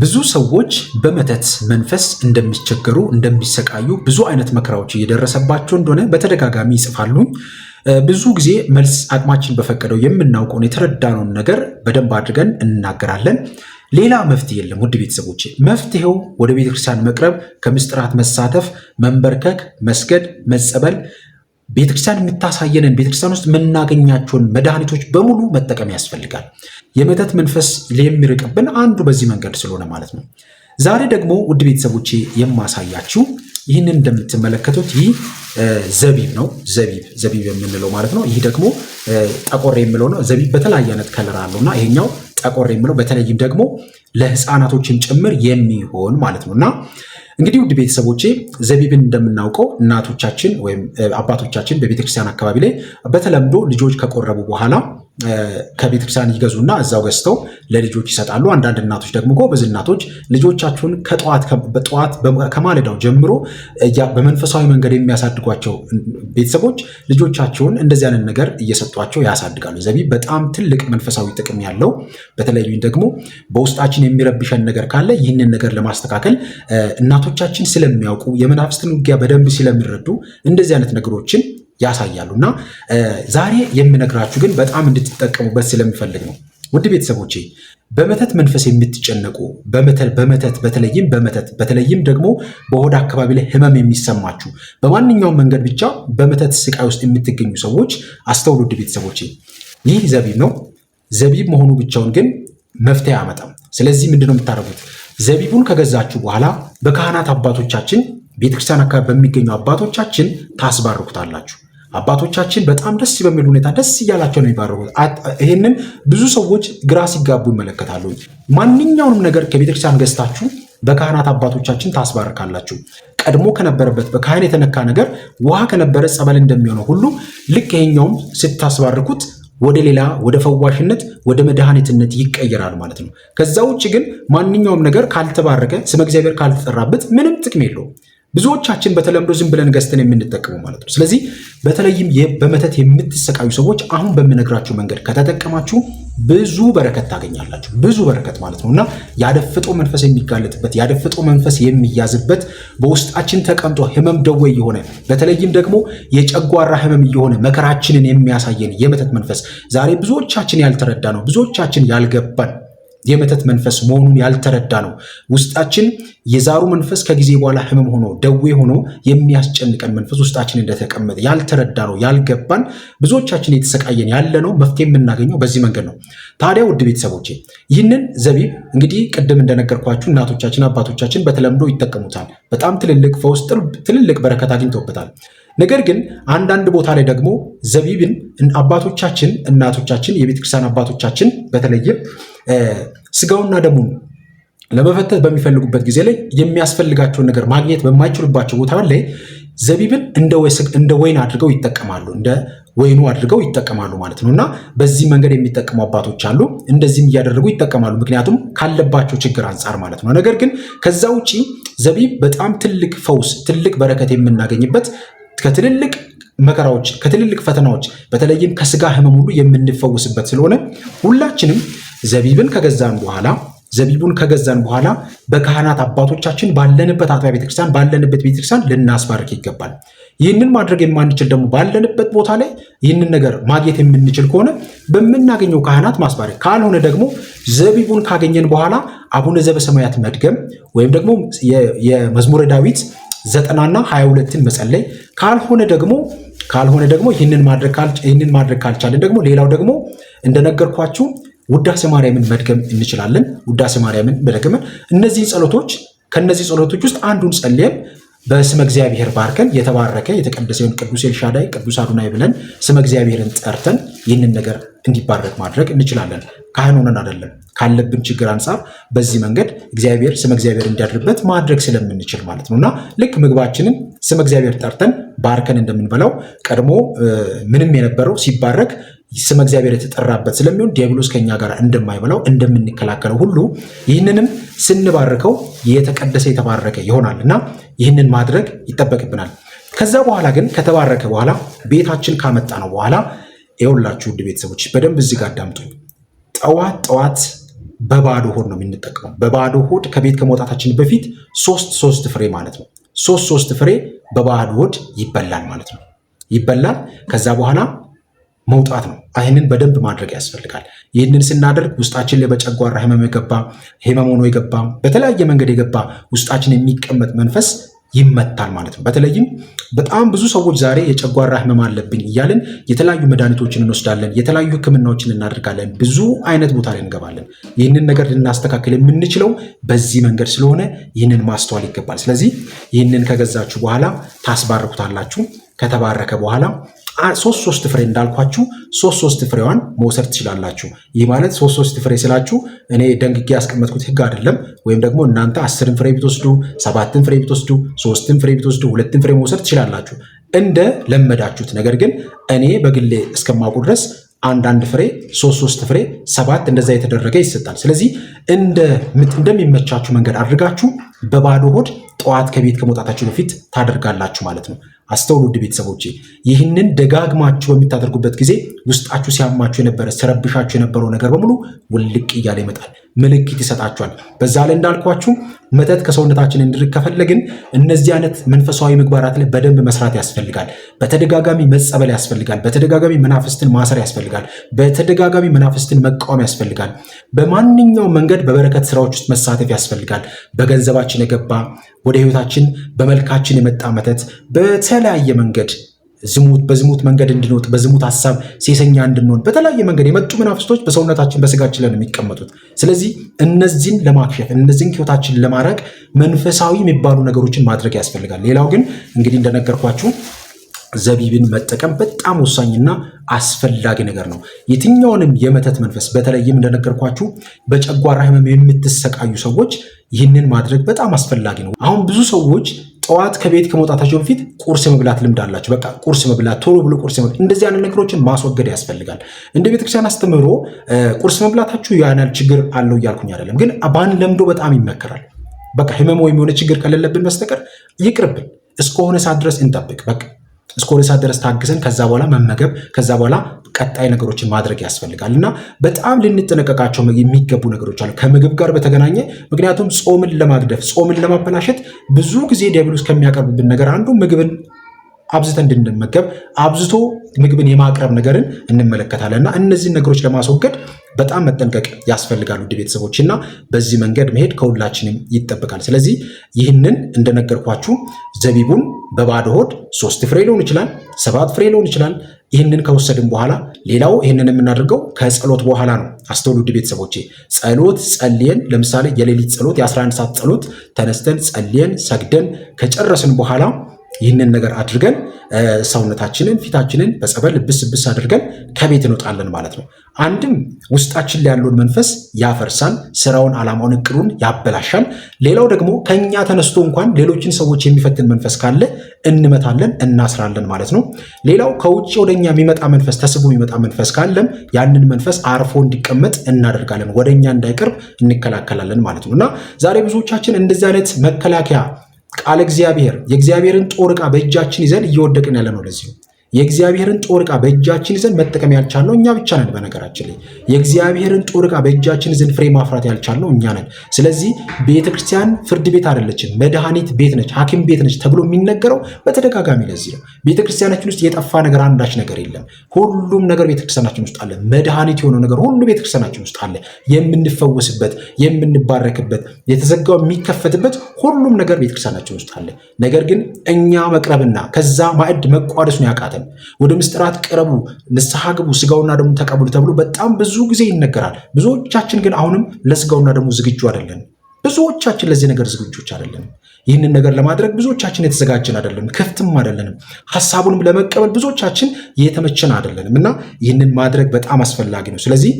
ብዙ ሰዎች በመተት መንፈስ እንደሚቸገሩ እንደሚሰቃዩ ብዙ አይነት መከራዎች እየደረሰባቸው እንደሆነ በተደጋጋሚ ይጽፋሉ። ብዙ ጊዜ መልስ አቅማችን በፈቀደው የምናውቀውን የተረዳነውን ነገር በደንብ አድርገን እንናገራለን። ሌላ መፍትሄ የለም። ውድ ቤተሰቦች መፍትሄው ወደ ቤተክርስቲያን መቅረብ፣ ከምስጥራት መሳተፍ፣ መንበርከክ፣ መስገድ፣ መጸበል ቤተክርስቲያን የምታሳየንን ቤተክርስቲያን ውስጥ የምናገኛቸውን መድኃኒቶች በሙሉ መጠቀም ያስፈልጋል። የመተት መንፈስ የሚርቅብን አንዱ በዚህ መንገድ ስለሆነ ማለት ነው። ዛሬ ደግሞ ውድ ቤተሰቦቼ የማሳያችው ይህንን እንደምትመለከቱት ይህ ዘቢብ ነው። ዘቢብ ዘቢብ የምንለው ማለት ነው። ይህ ደግሞ ጠቆር የምለው ነው። ዘቢብ በተለያየ አይነት ከለር አለው እና ይሄኛው ጠቆር የምለው በተለይም ደግሞ ለህፃናቶችን ጭምር የሚሆን ማለት ነው እና እንግዲህ ውድ ቤተሰቦቼ ዘቢብን እንደምናውቀው እናቶቻችን ወይም አባቶቻችን በቤተክርስቲያን አካባቢ ላይ በተለምዶ ልጆች ከቆረቡ በኋላ ከቤተክርስቲያን ይገዙና እዛው ገዝተው ለልጆች ይሰጣሉ። አንዳንድ እናቶች ደግሞ ጎበዝ እናቶች ልጆቻቸውን ከጠዋት ከማለዳው ጀምሮ በመንፈሳዊ መንገድ የሚያሳድጓቸው ቤተሰቦች ልጆቻቸውን እንደዚህ አይነት ነገር እየሰጧቸው ያሳድጋሉ። ዘቢብ በጣም ትልቅ መንፈሳዊ ጥቅም ያለው በተለይ ደግሞ በውስጣችን የሚረብሸን ነገር ካለ ይህንን ነገር ለማስተካከል እናቶቻችን ስለሚያውቁ የመናፍስትን ውጊያ በደንብ ስለሚረዱ እንደዚህ አይነት ነገሮችን ያሳያሉ። እና ዛሬ የምነግራችሁ ግን በጣም እንድትጠቀሙበት ስለምፈልግ ነው። ውድ ቤተሰቦቼ በመተት መንፈስ የምትጨነቁ በመተት በተለይም በመተት በተለይም ደግሞ በሆድ አካባቢ ላይ ህመም የሚሰማችሁ በማንኛውም መንገድ ብቻ በመተት ስቃይ ውስጥ የምትገኙ ሰዎች አስተውሉ። ውድ ቤተሰቦቼ ይህ ዘቢብ ነው። ዘቢብ መሆኑ ብቻውን ግን መፍትሄ አያመጣም። ስለዚህ ምንድነው የምታደርጉት? ዘቢቡን ከገዛችሁ በኋላ በካህናት አባቶቻችን ቤተክርስቲያን አካባቢ በሚገኙ አባቶቻችን ታስባርኩታላችሁ። አባቶቻችን በጣም ደስ በሚል ሁኔታ ደስ እያላቸው ነው የሚባርኩት ይህንን ብዙ ሰዎች ግራ ሲጋቡ ይመለከታሉ። ማንኛውንም ነገር ከቤተክርስቲያን ገዝታችሁ በካህናት አባቶቻችን ታስባርካላችሁ። ቀድሞ ከነበረበት በካህን የተነካ ነገር ውሃ ከነበረ ጸበል እንደሚሆነው ሁሉ ልክ ይሄኛውም ስታስባርኩት ወደ ሌላ ወደ ፈዋሽነት ወደ መድኃኒትነት ይቀየራል ማለት ነው። ከዛ ውጭ ግን ማንኛውም ነገር ካልተባረከ ስመ እግዚአብሔር ካልተጠራበት ምንም ጥቅም የለውም። ብዙዎቻችን በተለምዶ ዝም ብለን ገዝተን የምንጠቀመው ማለት ነው። ስለዚህ በተለይም በመተት የምትሰቃዩ ሰዎች አሁን በምነግራችሁ መንገድ ከተጠቀማችሁ ብዙ በረከት ታገኛላችሁ። ብዙ በረከት ማለት ነው እና ያደፍጦ መንፈስ የሚጋለጥበት ያደፍጦ መንፈስ የሚያዝበት በውስጣችን ተቀምጦ ህመም፣ ደዌ የሆነ በተለይም ደግሞ የጨጓራ ህመም እየሆነ መከራችንን የሚያሳየን የመተት መንፈስ ዛሬ ብዙዎቻችን ያልተረዳ ነው ብዙዎቻችን ያልገባን የመተት መንፈስ መሆኑን ያልተረዳ ነው። ውስጣችን የዛሩ መንፈስ ከጊዜ በኋላ ህመም ሆኖ ደዌ ሆኖ የሚያስጨንቀን መንፈስ ውስጣችን እንደተቀመጠ ያልተረዳ ነው፣ ያልገባን ብዙዎቻችን የተሰቃየን ያለ ነው። መፍትሄ የምናገኘው በዚህ መንገድ ነው። ታዲያ ውድ ቤተሰቦቼ ይህንን ዘቢብ እንግዲህ ቅድም እንደነገርኳችሁ እናቶቻችን አባቶቻችን በተለምዶ ይጠቀሙታል። በጣም ትልልቅ ፈውስ፣ ትልልቅ በረከት አግኝቶበታል። ነገር ግን አንዳንድ ቦታ ላይ ደግሞ ዘቢብን አባቶቻችን እናቶቻችን የቤተክርስቲያን አባቶቻችን በተለየ ስጋውና ደሙን ለመፈተት በሚፈልጉበት ጊዜ ላይ የሚያስፈልጋቸውን ነገር ማግኘት በማይችሉባቸው ቦታ ላይ ዘቢብን እንደ ወይን አድርገው ይጠቀማሉ፣ እንደ ወይኑ አድርገው ይጠቀማሉ ማለት ነው። እና በዚህ መንገድ የሚጠቀሙ አባቶች አሉ። እንደዚህም እያደረጉ ይጠቀማሉ፣ ምክንያቱም ካለባቸው ችግር አንጻር ማለት ነው። ነገር ግን ከዛ ውጪ ዘቢብ በጣም ትልቅ ፈውስ፣ ትልቅ በረከት የምናገኝበት ከትልልቅ መከራዎች ከትልልቅ ፈተናዎች በተለይም ከስጋ ሕመም ሁሉ ስለሆነ ሁላችንም ዘቢብን ከገዛን በኋላ ዘቢቡን ከገዛን በኋላ በካህናት አባቶቻችን ባለንበት አጥቢያ ቤተክርስቲያን ባለንበት ቤተክርስቲያን ልናስባርክ ይገባል። ይህንን ማድረግ የማንችል ደግሞ ባለንበት ቦታ ላይ ይህንን ነገር ማግኘት የምንችል ከሆነ በምናገኘው ካህናት ማስባረክ፣ ካልሆነ ደግሞ ዘቢቡን ካገኘን በኋላ አቡነ ዘበሰማያት መድገም ወይም ደግሞ የመዝሙረ ዳዊት ዘጠናና ሀያ ሁለትን መጸለይ ካልሆነ ደግሞ ካልሆነ ደግሞ ይህንን ማድረግ ካልቻለን ደግሞ ሌላው ደግሞ እንደነገርኳችሁ ውዳሴ ማርያምን መድገም እንችላለን። ውዳሴ ማርያምን መድገምን እነዚህ ጸሎቶች ከነዚህ ጸሎቶች ውስጥ አንዱን ጸልየን በስመ እግዚአብሔር ባርከን የተባረከ የተቀደሰውን ቅዱስ ኤልሻዳይ ቅዱስ አዱናይ ብለን ስመ እግዚአብሔርን ጠርተን ይህንን ነገር እንዲባረክ ማድረግ እንችላለን። ካህን ሆነን አይደለም፣ ካለብን ችግር አንጻር በዚህ መንገድ እግዚአብሔር ስመ እግዚአብሔር እንዲያድርበት ማድረግ ስለምንችል ማለት ነው እና ልክ ምግባችንን ስም እግዚአብሔር ጠርተን ባርከን እንደምንበላው ቀድሞ ምንም የነበረው ሲባረክ ስም እግዚአብሔር የተጠራበት ስለሚሆን ዲያብሎስ ከኛ ጋር እንደማይበላው እንደምንከላከለው ሁሉ ይህንንም ስንባርከው የተቀደሰ የተባረከ ይሆናል እና ይህንን ማድረግ ይጠበቅብናል። ከዛ በኋላ ግን ከተባረከ በኋላ ቤታችን ካመጣ ነው በኋላ የሁላችሁ ውድ ቤተሰቦች በደንብ እዚህ ጋር አዳምጡኝ። ጠዋት ጠዋት በባዶ ሆድ ነው የምንጠቀመው። በባዶ ሆድ ከቤት ከመውጣታችን በፊት ሶስት ሶስት ፍሬ ማለት ነው ሶስት ሶስት ፍሬ በባዕድ ሆድ ይበላል ማለት ነው። ይበላል ከዛ በኋላ መውጣት ነው። ይህንን በደንብ ማድረግ ያስፈልጋል። ይህንን ስናደርግ ውስጣችን ላይ በጨጓራ ህመም የገባ ህመም ሆኖ የገባ በተለያየ መንገድ የገባ ውስጣችን የሚቀመጥ መንፈስ ይመታል ማለት ነው። በተለይም በጣም ብዙ ሰዎች ዛሬ የጨጓራ ህመም አለብኝ እያለን የተለያዩ መድኃኒቶችን እንወስዳለን፣ የተለያዩ ህክምናዎችን እናደርጋለን፣ ብዙ አይነት ቦታ ላይ እንገባለን። ይህንን ነገር ልናስተካከል የምንችለው በዚህ መንገድ ስለሆነ ይህንን ማስተዋል ይገባል። ስለዚህ ይህንን ከገዛችሁ በኋላ ታስባርኩታላችሁ። ከተባረከ በኋላ ሶስት ሶስት ፍሬ እንዳልኳችሁ ሶስት ሶስት ፍሬዋን መውሰድ ትችላላችሁ። ይህ ማለት ሶስት ሶስት ፍሬ ስላችሁ እኔ ደንግጌ ያስቀመጥኩት ህግ አይደለም። ወይም ደግሞ እናንተ አስርን ፍሬ ብትወስዱ፣ ሰባትን ፍሬ ብትወስዱ፣ ሶስትን ፍሬ ብትወስዱ፣ ሁለትን ፍሬ መውሰድ ትችላላችሁ እንደ ለመዳችሁት። ነገር ግን እኔ በግሌ እስከማውቁ ድረስ አንድ አንድ ፍሬ ሶስት ሶስት ፍሬ ሰባት እንደዛ የተደረገ ይሰጣል። ስለዚህ እንደሚመቻችሁ መንገድ አድርጋችሁ በባዶ ሆድ ጠዋት ከቤት ከመውጣታችሁ በፊት ታደርጋላችሁ ማለት ነው። አስተውሉ ውድ ቤተሰቦች፣ ይህንን ደጋግማችሁ በምታደርጉበት ጊዜ ውስጣችሁ ሲያማችሁ የነበረ ሲረብሻችሁ የነበረው ነገር በሙሉ ውልቅ እያለ ይመጣል። ምልክት ይሰጣቸዋል። በዛ ላይ እንዳልኳችሁ መተት ከሰውነታችን እንድርቅ ከፈለግን እነዚህ አይነት መንፈሳዊ ምግባራት ላይ በደንብ መስራት ያስፈልጋል። በተደጋጋሚ መጸበል ያስፈልጋል። በተደጋጋሚ መናፍስትን ማሰር ያስፈልጋል። በተደጋጋሚ መናፍስትን መቃወም ያስፈልጋል። በማንኛውም መንገድ በበረከት ስራዎች ውስጥ መሳተፍ ያስፈልጋል። በገንዘባችን የገባ ወደ ህይወታችን በመልካችን የመጣ መተት በተለያየ መንገድ ዝሙት በዝሙት መንገድ እንድንወጥ በዝሙት ሀሳብ ሴሰኛ እንድንሆን በተለያየ መንገድ የመጡ መናፍስቶች በሰውነታችን በስጋችን ላይ ነው የሚቀመጡት። ስለዚህ እነዚህን ለማክሸፍ እነዚህን ህይወታችን ለማድረግ መንፈሳዊ የሚባሉ ነገሮችን ማድረግ ያስፈልጋል። ሌላው ግን እንግዲህ እንደነገርኳችሁ ዘቢብን መጠቀም በጣም ወሳኝና አስፈላጊ ነገር ነው። የትኛውንም የመተት መንፈስ በተለይም እንደነገርኳችሁ በጨጓራ ህመም የምትሰቃዩ ሰዎች ይህንን ማድረግ በጣም አስፈላጊ ነው። አሁን ብዙ ሰዎች ጠዋት ከቤት ከመውጣታቸው በፊት ቁርስ የመብላት ልምድ አላቸው። በቃ ቁርስ መብላት፣ ቶሎ ብሎ ቁርስ መብላት፣ እንደዚህ አይነት ነገሮችን ማስወገድ ያስፈልጋል። እንደ ቤተክርስቲያን አስተምህሮ ቁርስ መብላታችሁ ያናል ችግር አለው እያልኩኝ አይደለም፣ ግን ባን ለምዶ በጣም ይመከራል። በቃ ህመም ወይም የሆነ ችግር ከሌለብን በስተቀር ይቅርብን። እስከሆነ ሰዓት ድረስ እንጠብቅ። በቃ እስከሆነ ሰዓት ድረስ ታግሰን ከዛ በኋላ መመገብ ከዛ በኋላ ቀጣይ ነገሮችን ማድረግ ያስፈልጋል እና በጣም ልንጠነቀቃቸው የሚገቡ ነገሮች አሉ ከምግብ ጋር በተገናኘ ምክንያቱም ጾምን ለማግደፍ ጾምን ለማበላሸት ብዙ ጊዜ ዲያብሎስ ከሚያቀርብብን ነገር አንዱ ምግብን አብዝተ እንድንመገብ አብዝቶ ምግብን የማቅረብ ነገርን እንመለከታለን እና እነዚህን ነገሮች ለማስወገድ በጣም መጠንቀቅ ያስፈልጋሉ ውድ ቤተሰቦች እና በዚህ መንገድ መሄድ ከሁላችንም ይጠበቃል። ስለዚህ ይህንን እንደነገርኳችሁ ዘቢቡን በባዶ ሆድ ሶስት ፍሬ ሊሆን ይችላል፣ ሰባት ፍሬ ሊሆን ይችላል ይህንን ከወሰድን በኋላ ሌላው ይህንን የምናደርገው ከጸሎት በኋላ ነው። አስተውሉድ ቤተሰቦቼ፣ ጸሎት ጸልየን፣ ለምሳሌ የሌሊት ጸሎት የ11 ሰዓት ጸሎት ተነስተን ጸልየን ሰግደን ከጨረስን በኋላ ይህንን ነገር አድርገን ሰውነታችንን ፊታችንን በጸበል ልብስ ልብስ አድርገን ከቤት እንወጣለን ማለት ነው። አንድም ውስጣችን ላይ ያለውን መንፈስ ያፈርሳል፣ ስራውን፣ ዓላማውን፣ እቅዱን ያበላሻል። ሌላው ደግሞ ከኛ ተነስቶ እንኳን ሌሎችን ሰዎች የሚፈትን መንፈስ ካለ እንመታለን፣ እናስራለን ማለት ነው። ሌላው ከውጭ ወደኛ የሚመጣ መንፈስ ተስቦ የሚመጣ መንፈስ ካለም ያንን መንፈስ አርፎ እንዲቀመጥ እናደርጋለን፣ ወደኛ እንዳይቀርብ እንከላከላለን ማለት ነው እና ዛሬ ብዙዎቻችን እንደዚህ አይነት መከላከያ ቃል እግዚአብሔር የእግዚአብሔርን ጦር ዕቃ በእጃችን ይዘን እየወደቅን ያለ ነው ለዚህ የእግዚአብሔርን ጦር ዕቃ በእጃችን ይዘን መጠቀም ያልቻልነው እኛ ብቻ ነን። በነገራችን ላይ የእግዚአብሔርን ጦር ዕቃ በእጃችን ይዘን ፍሬ ማፍራት ያልቻልነው እኛ ነን። ስለዚህ ቤተክርስቲያን ፍርድ ቤት አይደለችም፣ መድኃኒት ቤት ነች፣ ሐኪም ቤት ነች ተብሎ የሚነገረው በተደጋጋሚ ለዚህ ነው። ቤተክርስቲያናችን ውስጥ የጠፋ ነገር አንዳች ነገር የለም። ሁሉም ነገር ቤተክርስቲያናችን ውስጥ አለ። መድኃኒት የሆነው ነገር ሁሉ ቤተክርስቲያናችን ውስጥ አለ። የምንፈወስበት፣ የምንባረክበት፣ የተዘጋው የሚከፈትበት ሁሉም ነገር ቤተክርስቲያናችን ውስጥ አለ። ነገር ግን እኛ መቅረብና ከዛ ማዕድ መቋደሱን ያቃተ አይደለም። ወደ ምስጢራት ቅረቡ፣ ንስሐ ግቡ፣ ስጋውና ደሙ ተቀብሉ ተብሎ በጣም ብዙ ጊዜ ይነገራል። ብዙዎቻችን ግን አሁንም ለስጋውና ደሙ ዝግጁ አይደለን። ብዙዎቻችን ለዚህ ነገር ዝግጆች አይደለንም። ይህንን ነገር ለማድረግ ብዙዎቻችን የተዘጋጀን አይደለንም፣ ክፍትም አይደለንም። ሀሳቡንም ለመቀበል ብዙዎቻችን የተመቸን አይደለንም እና ይህንን ማድረግ በጣም አስፈላጊ ነው። ስለዚህ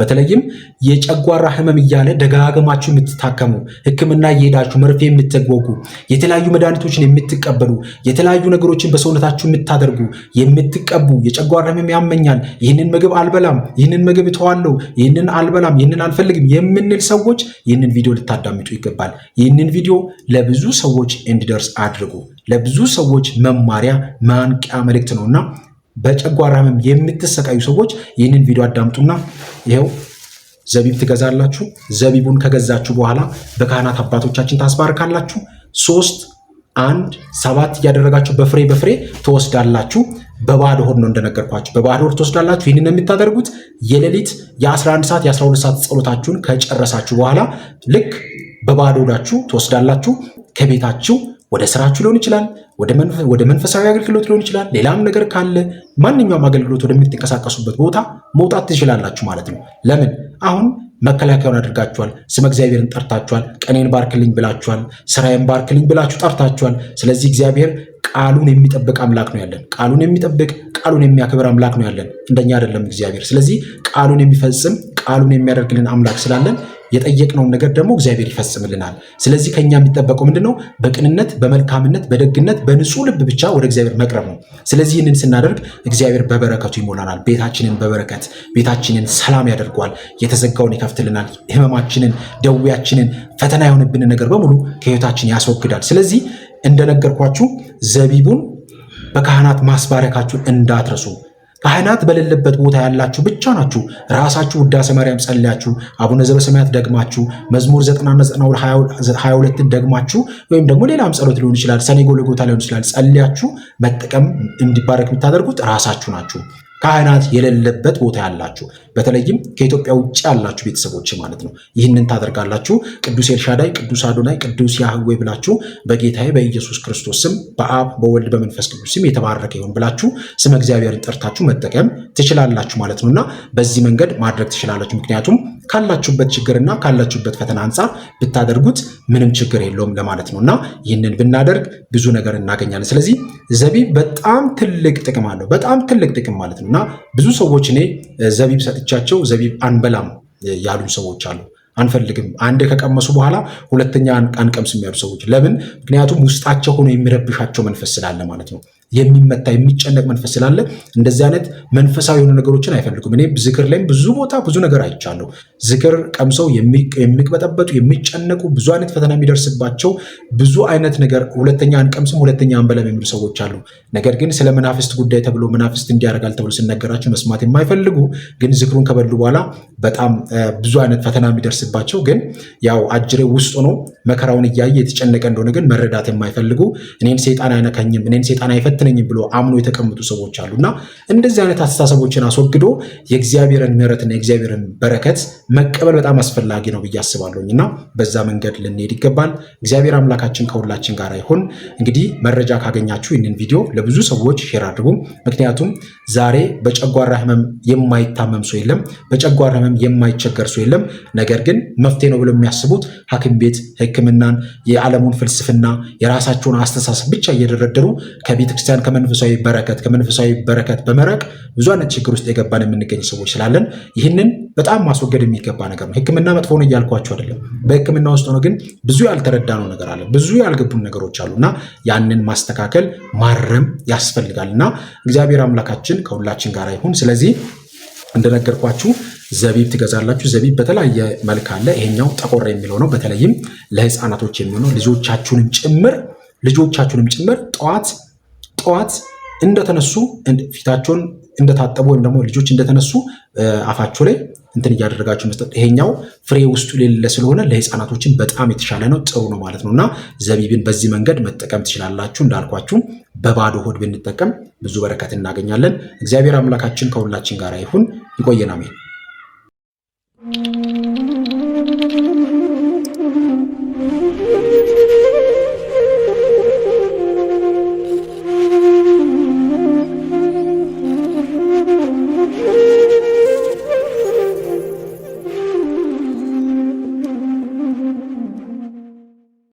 በተለይም የጨጓራ ህመም እያለ ደጋግማችሁ የምትታከሙ ህክምና እየሄዳችሁ መርፌ የምትወጉ የተለያዩ መድኃኒቶችን የምትቀበሉ የተለያዩ ነገሮችን በሰውነታችሁ የምታደርጉ የምትቀቡ የጨጓራ ህመም ያመኛል፣ ይህንን ምግብ አልበላም፣ ይህንን ምግብ እተዋለሁ፣ ይህንን አልበላም፣ ይህንን አልፈልግም የምንል ሰዎች ይህንን ቪዲዮ ልታዳምጡ ይገባል። ይህንን ቪዲዮ ለብዙ ሰዎች እንዲደርስ አድርጉ። ለብዙ ሰዎች መማሪያ ማንቂያ መልእክት ነውና በጨጓራ ህመም የምትሰቃዩ ሰዎች ይህንን ቪዲዮ አዳምጡና ይኸው ዘቢብ ትገዛላችሁ። ዘቢቡን ከገዛችሁ በኋላ በካህናት አባቶቻችን ታስባርካላችሁ። ሶስት አንድ ሰባት እያደረጋችሁ በፍሬ በፍሬ ትወስዳላችሁ። በባዶ ሆድ ነው እንደነገርኳችሁ፣ በባዶ ሆድ ትወስዳላችሁ። ይህንን የምታደርጉት የሌሊት የ11 ሰዓት የ12 ሰዓት ጸሎታችሁን ከጨረሳችሁ በኋላ ልክ በባዶ ሆዳችሁ ትወስዳላችሁ። ከቤታችሁ ወደ ስራችሁ ሊሆን ይችላል ወደ መንፈሳዊ አገልግሎት ሊሆን ይችላል። ሌላም ነገር ካለ ማንኛውም አገልግሎት ወደምትንቀሳቀሱበት ቦታ መውጣት ትችላላችሁ ማለት ነው። ለምን አሁን መከላከያውን አድርጋችኋል። ስመ እግዚአብሔርን ጠርታችኋል። ቀኔን ባርክልኝ ብላችኋል። ስራዬን ባርክልኝ ብላችሁ ጠርታችኋል። ስለዚህ እግዚአብሔር ቃሉን የሚጠብቅ አምላክ ነው ያለን። ቃሉን የሚጠብቅ ቃሉን የሚያከብር አምላክ ነው ያለን፣ እንደኛ አይደለም እግዚአብሔር። ስለዚህ ቃሉን የሚፈጽም ቃሉን የሚያደርግልን አምላክ ስላለን የጠየቅነውን ነገር ደግሞ እግዚአብሔር ይፈጽምልናል። ስለዚህ ከኛ የሚጠበቀው ምንድነው ነው? በቅንነት፣ በመልካምነት፣ በደግነት፣ በንጹህ ልብ ብቻ ወደ እግዚአብሔር መቅረብ ነው። ስለዚህ ይህንን ስናደርግ እግዚአብሔር በበረከቱ ይሞላናል። ቤታችንን በበረከት ቤታችንን ሰላም ያደርገዋል። የተዘጋውን ይከፍትልናል። ህመማችንን፣ ደዌያችንን፣ ፈተና የሆነብንን ነገር በሙሉ ከህይወታችን ያስወግዳል። ስለዚህ እንደነገርኳችሁ ዘቢቡን በካህናት ማስባረካችሁን እንዳትረሱ ካህናት በሌለበት ቦታ ያላችሁ ብቻ ናችሁ። ራሳችሁ ውዳሴ ማርያም ጸልያችሁ አቡነ ዘበሰማያት ደግማችሁ መዝሙር 9922 ን ደግማችሁ ወይም ደግሞ ሌላም ጸሎት ሊሆን ይችላል፣ ሰኔ ጎልጎታ ሊሆን ይችላል፣ ጸልያችሁ መጠቀም እንዲባረክ የምታደርጉት ራሳችሁ ናችሁ። ካህናት የሌለበት ቦታ ያላችሁ በተለይም ከኢትዮጵያ ውጭ ያላችሁ ቤተሰቦች ማለት ነው። ይህንን ታደርጋላችሁ። ቅዱስ ኤልሻዳይ፣ ቅዱስ አዶናይ፣ ቅዱስ ያህዌ ብላችሁ በጌታዬ በኢየሱስ ክርስቶስ ስም በአብ በወልድ በመንፈስ ቅዱስ ስም የተባረከ ይሁን ብላችሁ ስመ እግዚአብሔርን ጠርታችሁ መጠቀም ትችላላችሁ ማለት ነው እና በዚህ መንገድ ማድረግ ትችላላችሁ። ምክንያቱም ካላችሁበት ችግርና ካላችሁበት ፈተና አንጻር ብታደርጉት ምንም ችግር የለውም ለማለት ነው እና ይህንን ብናደርግ ብዙ ነገር እናገኛለን። ስለዚህ ዘቢብ በጣም ትልቅ ጥቅም አለው። በጣም ትልቅ ጥቅም ማለት ነው እና ብዙ ሰዎች እኔ ዘቢብ ሰጥ ሰጥቻቸው ዘቢብ አንበላም ያሉኝ ሰዎች አሉ። አንፈልግም አንድ ከቀመሱ በኋላ ሁለተኛ አንቀምስ የሚያሉ ሰዎች ለምን? ምክንያቱም ውስጣቸው ሆኖ የሚረብሻቸው መንፈስ ስላለ ማለት ነው። የሚመታ የሚጨነቅ መንፈስ ስላለ እንደዚህ አይነት መንፈሳዊ የሆኑ ነገሮችን አይፈልጉም። እኔ ዝክር ላይም ብዙ ቦታ ብዙ ነገር አይቻለሁ። ዝክር ቀምሰው የሚቅበጠበጡ የሚጨነቁ፣ ብዙ አይነት ፈተና የሚደርስባቸው ብዙ አይነት ነገር ሁለተኛ አንቀምስም ሁለተኛ አንበላም የሚሉ ሰዎች አሉ። ነገር ግን ስለ መናፍስት ጉዳይ ተብሎ መናፍስት እንዲያደርጋል ተብሎ ሲነገራቸው መስማት የማይፈልጉ ግን ዝክሩን ከበሉ በኋላ በጣም ብዙ አይነት ፈተና የሚደርስባቸው ግን ያው አጅሬ ውስጥ ሆኖ መከራውን እያየ የተጨነቀ እንደሆነ ግን መረዳት የማይፈልጉ እኔን ሴጣን አይነካኝም እኔን ሴጣን አይፈት ነኝ ብሎ አምኖ የተቀመጡ ሰዎች አሉ እና እንደዚህ አይነት አስተሳሰቦችን አስወግዶ የእግዚአብሔርን ምሕረትና የእግዚአብሔርን በረከት መቀበል በጣም አስፈላጊ ነው ብዬ አስባለሁኝ እና በዛ መንገድ ልንሄድ ይገባል። እግዚአብሔር አምላካችን ከሁላችን ጋር ይሁን። እንግዲህ መረጃ ካገኛችሁ ይህንን ቪዲዮ ለብዙ ሰዎች ሼር አድርጉ። ምክንያቱም ዛሬ በጨጓራ ህመም የማይታመም ሰው የለም፣ በጨጓራ ህመም የማይቸገር ሰው የለም። ነገር ግን መፍትሄ ነው ብሎ የሚያስቡት ሐኪም ቤት ሕክምናን የዓለሙን ፍልስፍና የራሳቸውን አስተሳሰብ ብቻ እየደረደሩ ከቤተክርስቲያን ቤተክርስቲያን ከመንፈሳዊ በረከት ከመንፈሳዊ በረከት በመረቅ ብዙ አይነት ችግር ውስጥ የገባን የምንገኝ ሰዎች ስላለን ይህንን በጣም ማስወገድ የሚገባ ነገር ነው። ሕክምና መጥፎ ነው እያልኳቸው አይደለም። በሕክምና ውስጥ ሆኖ ግን ብዙ ያልተረዳነው ነገር አለ፣ ብዙ ያልገቡን ነገሮች እና ያንን ማስተካከል ማረም ያስፈልጋል እና እግዚአብሔር አምላካችን ከሁላችን ጋር ይሁን። ስለዚህ እንደነገርኳችሁ ዘቢብ ትገዛላችሁ። ዘቢብ በተለያየ መልክ አለ። ይሄኛው ጠቆር የሚለው ነው። በተለይም ለህፃናቶች የሚሆነው ልጆቻችሁንም ጭምር ልጆቻችሁንም ጭምር ጠዋት ጠዋት እንደተነሱ ፊታቸውን እንደታጠቡ ወይም ደግሞ ልጆች እንደተነሱ አፋቸው ላይ እንትን እያደረጋቸው መስጠት። ይሄኛው ፍሬ ውስጡ የሌለ ስለሆነ ለህፃናቶችን በጣም የተሻለ ነው፣ ጥሩ ነው ማለት ነው እና ዘቢብን በዚህ መንገድ መጠቀም ትችላላችሁ። እንዳልኳችሁ በባዶ ሆድ ብንጠቀም ብዙ በረከት እናገኛለን። እግዚአብሔር አምላካችን ከሁላችን ጋር ይሁን። ይቆየን። አሜን።